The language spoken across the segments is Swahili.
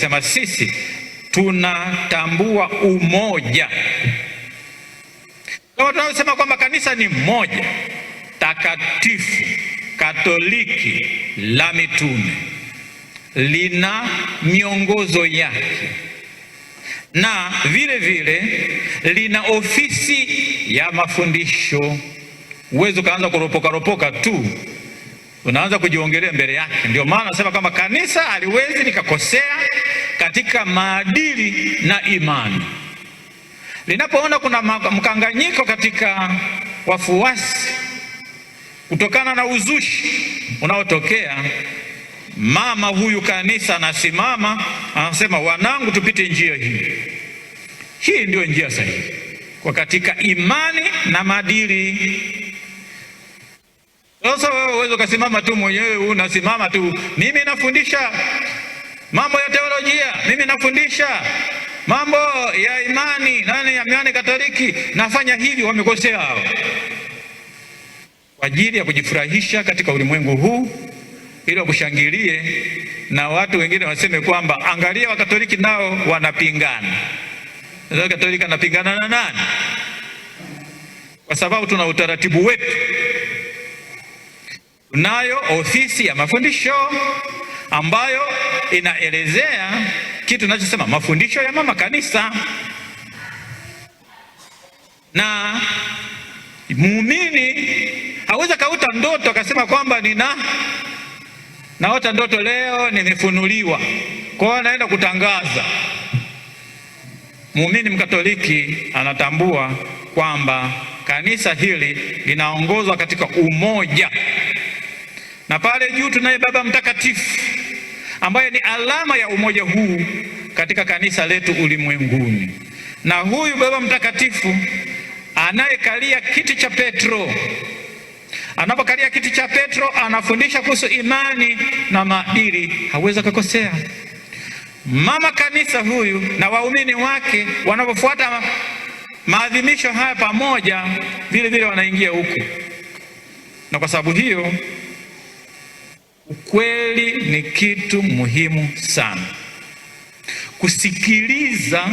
Sema sisi tunatambua umoja. Kama tunavyosema kwamba kanisa ni moja takatifu Katoliki la mitume, lina miongozo yake na vile vile lina ofisi ya mafundisho. Huwezi ukaanza kuropokaropoka tu unaanza kujiongelea mbele yake. Ndio maana nasema kwamba kanisa haliwezi likakosea katika maadili na imani. Linapoona kuna mkanganyiko katika wafuasi kutokana na uzushi unaotokea, mama huyu kanisa anasimama anasema, wanangu, tupite njia hii. Hii ndio njia sahihi kwa katika imani na maadili sasa wewe uweze ukasimama tu mwenyewe, unasimama tu, mimi nafundisha mambo ya teolojia, mimi nafundisha mambo ya imani, nani ya imani Katoliki, nafanya hivi. Wamekosea hao, kwa ajili ya kujifurahisha katika ulimwengu huu, ili wakushangilie na watu wengine waseme kwamba angalia, wakatoliki nao wanapingana. Katoliki anapingana na nani? Kwa sababu tuna utaratibu wetu Tunayo ofisi ya mafundisho ambayo inaelezea kitu tunachosema mafundisho ya mama kanisa, na muumini hawezi kauta ndoto akasema kwamba nina naota ndoto leo nimefunuliwa, kwa hiyo anaenda kutangaza. Muumini mkatoliki anatambua kwamba kanisa hili linaongozwa katika umoja na pale juu tunaye Baba Mtakatifu ambaye ni alama ya umoja huu katika kanisa letu ulimwenguni. Na huyu Baba Mtakatifu anayekalia kiti cha Petro, anapokalia kiti cha Petro anafundisha kuhusu imani na maadili, hawezi kukosea. Mama kanisa huyu na waumini wake wanapofuata maadhimisho haya pamoja, vile vile wanaingia huku, na kwa sababu hiyo Ukweli ni kitu muhimu sana. Kusikiliza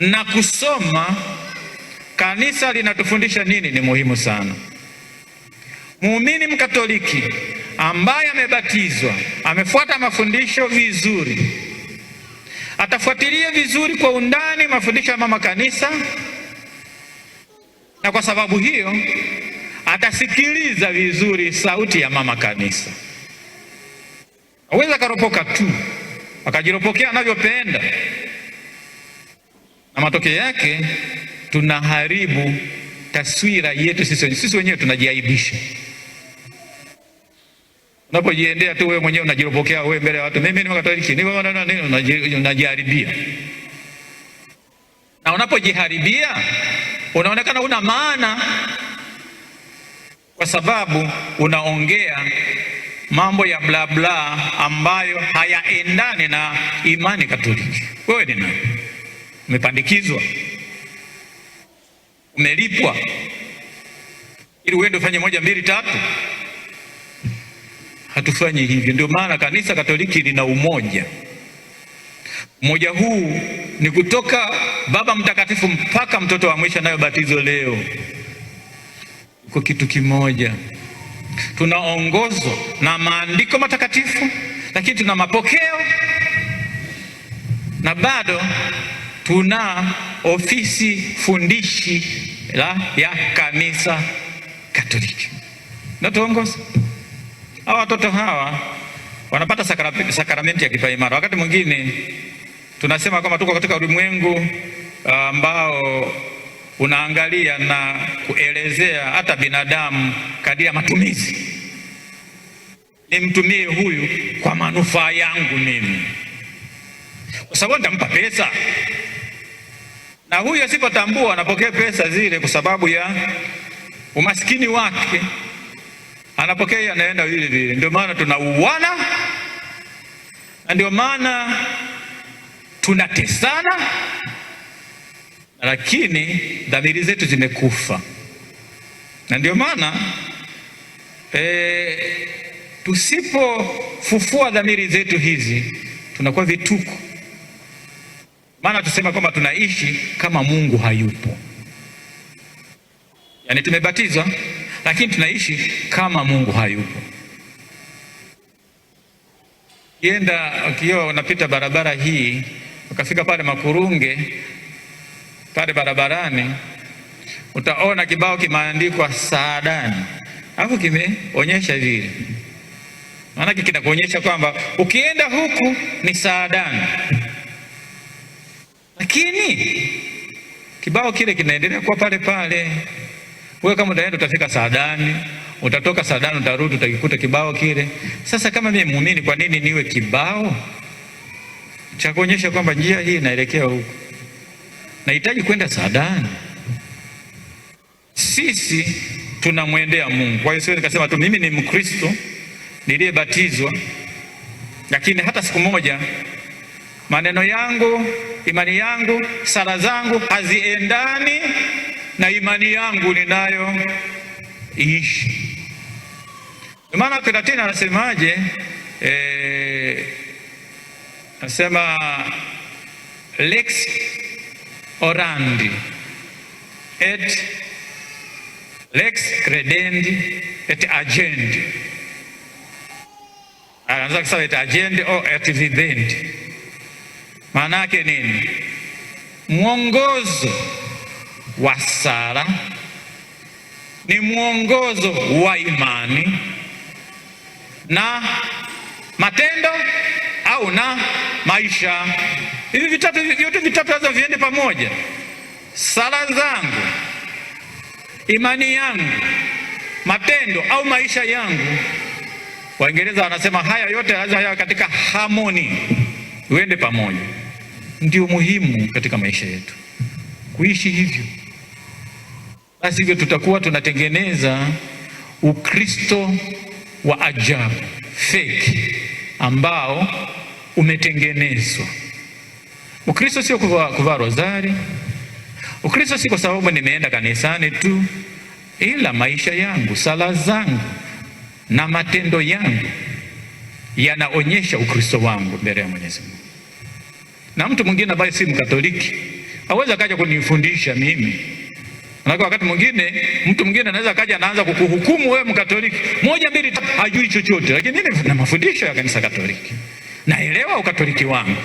na kusoma kanisa linatufundisha nini ni muhimu sana. Muumini Mkatoliki ambaye amebatizwa, amefuata mafundisho vizuri, atafuatilia vizuri kwa undani mafundisho ya mama kanisa, na kwa sababu hiyo akasikiliza vizuri sauti ya mama kanisa, aweza akaropoka tu, akajiropokea anavyopenda, na matokeo yake tunaharibu taswira yetu sisi, sisi wenyewe tunajiaibisha. Unapojiendea tu wewe mwenyewe unajiropokea wewe mbele ya watu, mimi ni Mkatoliki, unajiharibia. Na unapojiharibia unaonekana una maana kwa sababu unaongea mambo ya bla bla ambayo hayaendani na imani Katoliki. Wewe ni nani? Umepandikizwa? Umelipwa ili uende ufanye moja mbili tatu? Hatufanyi hivyo. Ndio maana kanisa Katoliki lina umoja. Umoja huu ni kutoka Baba Mtakatifu mpaka mtoto wa mwisho anayobatizwa leo kwa kitu kimoja. Tunaongozwa na maandiko matakatifu, lakini tuna mapokeo na bado tuna ofisi fundishi la ya kanisa Katoliki natuongoza hawa watoto hawa wanapata sakramenti ya kipaimara. Wakati mwingine tunasema kwamba tuko katika ulimwengu ah, ambao unaangalia na kuelezea hata binadamu kadia ya matumizi, nimtumie huyu kwa manufaa yangu mimi, kwa sababu nitampa pesa na huyu asipotambua anapokea pesa zile kwa sababu ya umaskini wake, anapokea anaenda vile vile. Ndio maana tunauana na ndio maana tunatesana lakini dhamiri zetu zimekufa, na ndio maana e, tusipofufua dhamiri zetu hizi tunakuwa vituko. Maana tusema kwamba tunaishi kama Mungu hayupo, yaani tumebatizwa, lakini tunaishi kama Mungu hayupo. Ukienda ukiwa unapita barabara hii ukafika pale Makurunge pale barabarani utaona kibao kimeandikwa saadani, alafu kimeonyesha vile, maanake kinakuonyesha kwamba ukienda huku ni saadani, lakini kibao kile kinaendelea kuwa pale pale. Wewe kama utaenda utafika saadani, utatoka saadani, utarudi utakikuta kibao kile. Sasa kama mimi muumini, kwa nini niwe kibao cha kuonyesha kwamba njia hii inaelekea huku? nahitaji kwenda sadani. Sisi tunamwendea Mungu. Kwa hiyo siwezi nikasema tu mimi ni Mkristo niliyebatizwa, lakini hata siku moja maneno yangu, imani yangu, sala zangu haziendani na imani yangu ninayoishi. Ndio maana Pilatini anasemaje? Eh, anasema lex orandi et lex credendi et agendi. Anaanza ah, kusema et agendi o et videndi. Maana yake nini? Mwongozo wa sala ni mwongozo wa imani na matendo au na maisha. Hivi vitatu vyote vitatu lazima viende pamoja: sala zangu, imani yangu, matendo au maisha yangu. Waingereza wanasema haya yote lazima yawe katika harmony, uende pamoja. Ndio muhimu katika maisha yetu kuishi hivyo, basi hivyo tutakuwa tunatengeneza Ukristo wa ajabu feki ambao umetengenezwa. Ukristo sio kuvaa kuva rozari. Ukristo si kwa sababu nimeenda kanisani tu, ila maisha yangu, sala zangu na matendo yangu yanaonyesha Ukristo wangu mbele ya Mwenyezi Mungu. Na mtu mwingine ambaye si Mkatoliki aweza akaja kunifundisha mimi Anaka wakati mwingine mtu mwingine anaweza kaja anaanza kukuhukumu wewe Mkatoliki, moja mbili tatu, hajui chochote, lakini na mafundisho ya kanisa Katoliki naelewa ukatoliki wangu,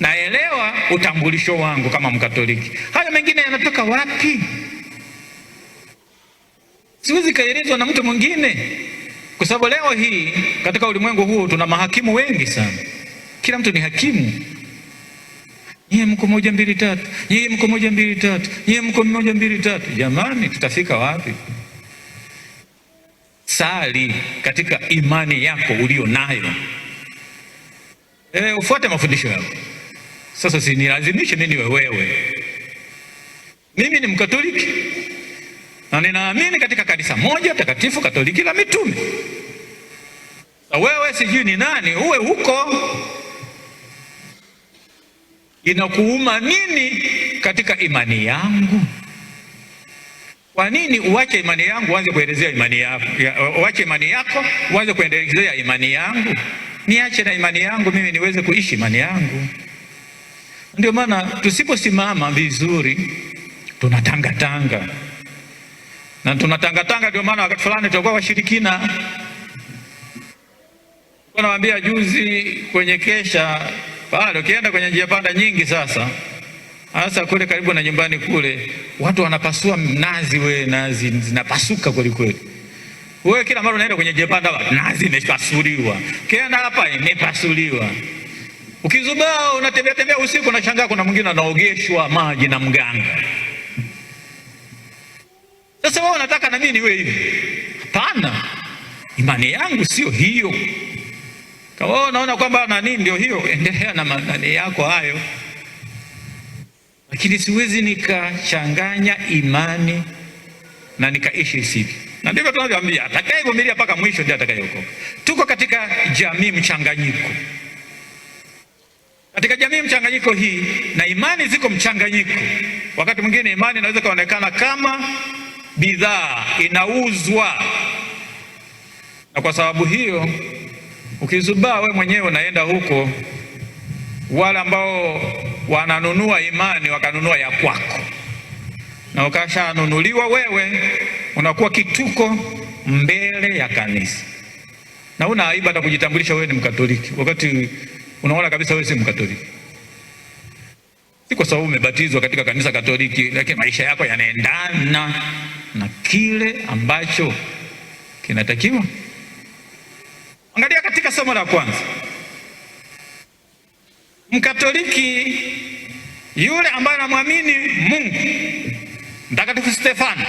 naelewa utambulisho wangu kama Mkatoliki. Hayo mengine yanatoka wapi? Siwezi kaelezwa na mtu mwingine, kwa sababu leo hii katika ulimwengu huu tuna mahakimu wengi sana. Kila mtu ni hakimu. Nyie mko moja mbili tatu, nyie mko moja mbili tatu, nyie mko moja mbili tatu. Jamani, tutafika wapi? Sali katika imani yako ulio nayo. E, ufuate mafundisho yako. Sasa usinilazimishe nini wewe. Mimi ni Mkatoliki na ninaamini katika kanisa moja takatifu Katoliki la mitume. Wewe sijui ni nani, uwe huko. Inakuuma nini katika imani yangu? Kwa nini uache imani yangu uanze kuelezea imani yako? Uache imani yako uanze kuendelezea imani yangu? niache na imani yangu mimi niweze kuishi imani yangu. Ndio maana tusiposimama vizuri tunatangatanga na tunatangatanga, ndio maana wakati fulani tutakuwa washirikina. Nawaambia juzi kwenye kesha pale, ukienda kwenye njia panda nyingi sasa hasa kule karibu na nyumbani kule, watu wanapasua mnazi, we nazi zinapasuka kwelikweli. Wewe kila mara unaenda kwenye jepanda wa nazi imepasuliwa, Kienda hapa imepasuliwa, ukizubaa unatembea tembea usiku, unashangaa kuna mwingine anaogeshwa maji na mganga. Sasa wewe unataka na mimi niwe hivi? Hapana, imani yangu sio hiyo. Kama wewe unaona kwamba nani ndio hiyo, endelea na madani yako hayo, lakini siwezi nikachanganya imani na nikaishi sivyo na ndivyo tunavyoambia, atakayevumilia mpaka mwisho ndiye atakayeokoka. Tuko katika jamii mchanganyiko, katika jamii mchanganyiko hii, na imani ziko mchanganyiko. Wakati mwingine imani inaweza ikaonekana kama bidhaa inauzwa, na kwa sababu hiyo ukizubaa we mwenyewe unaenda huko, wale ambao wananunua imani wakanunua ya kwako, na ukashanunuliwa wewe unakuwa kituko mbele ya kanisa na una aibu hata kujitambulisha wewe ni Mkatoliki, wakati unaona kabisa wewe si Mkatoliki. Si kwa sababu umebatizwa katika kanisa Katoliki, lakini maisha yako yanaendana na kile ambacho kinatakiwa. Angalia katika somo la kwanza, Mkatoliki yule ambaye anamwamini Mungu. Mtakatifu Stefano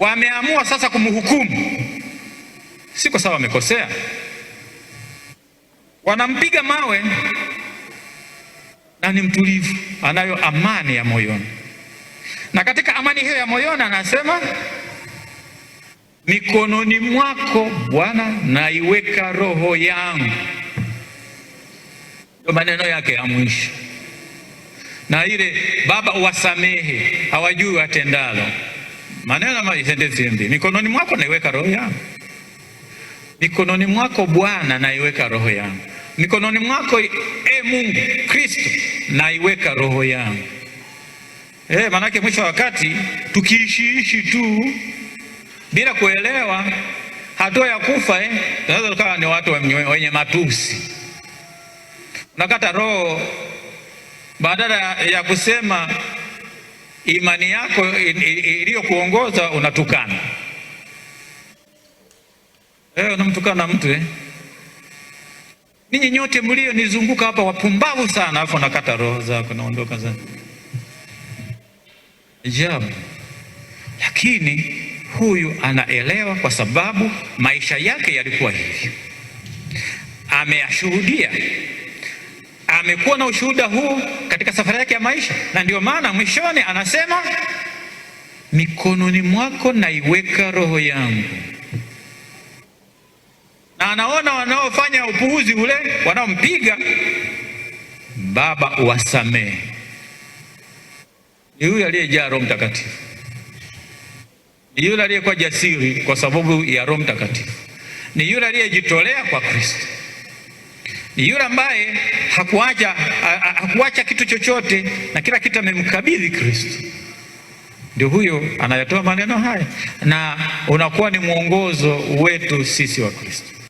wameamua sasa kumhukumu, si kwa sababu amekosea. Wanampiga mawe na ni mtulivu, anayo amani ya moyoni, na katika amani hiyo ya moyoni anasema mikononi mwako Bwana naiweka roho yangu. Ndio maneno yake ya mwisho, na ile Baba uwasamehe, hawajui watendalo maneno ambayo isendezi mikononi mwako naiweka roho yangu, mikononi mwako Bwana naiweka roho yangu, mikononi mwako e Mungu Kristo naiweka roho yangu. E, maanake mwisho wa wakati tukiishiishi tu bila kuelewa hatua ya kufa eh, tunaweza tukawa ni watu wenye matusi. Unakata roho badala ya kusema imani yako iliyokuongoza unatukana. Wewe unamtukana mtu eh? Ninyi nyote mlio nizunguka hapa wapumbavu sana, alafu nakata roho zako naondoka sana. Ajabu, lakini huyu anaelewa kwa sababu maisha yake yalikuwa hivyo, ameyashuhudia amekuwa na ushuhuda huu katika safari yake ya maisha, na ndio maana mwishoni anasema mikononi mwako naiweka roho yangu. Na anaona wanaofanya upuuzi ule, wanaompiga Baba, uwasamehe. Ni yule aliyejaa Roho Mtakatifu, ni yule aliyekuwa jasiri kwa sababu ya Roho Mtakatifu, ni yule aliyejitolea kwa Kristo. Yule ambaye hakuacha hakuacha kitu chochote na kila kitu amemkabidhi Kristo, ndio huyo anayatoa maneno haya, na unakuwa ni mwongozo wetu sisi wa Kristo.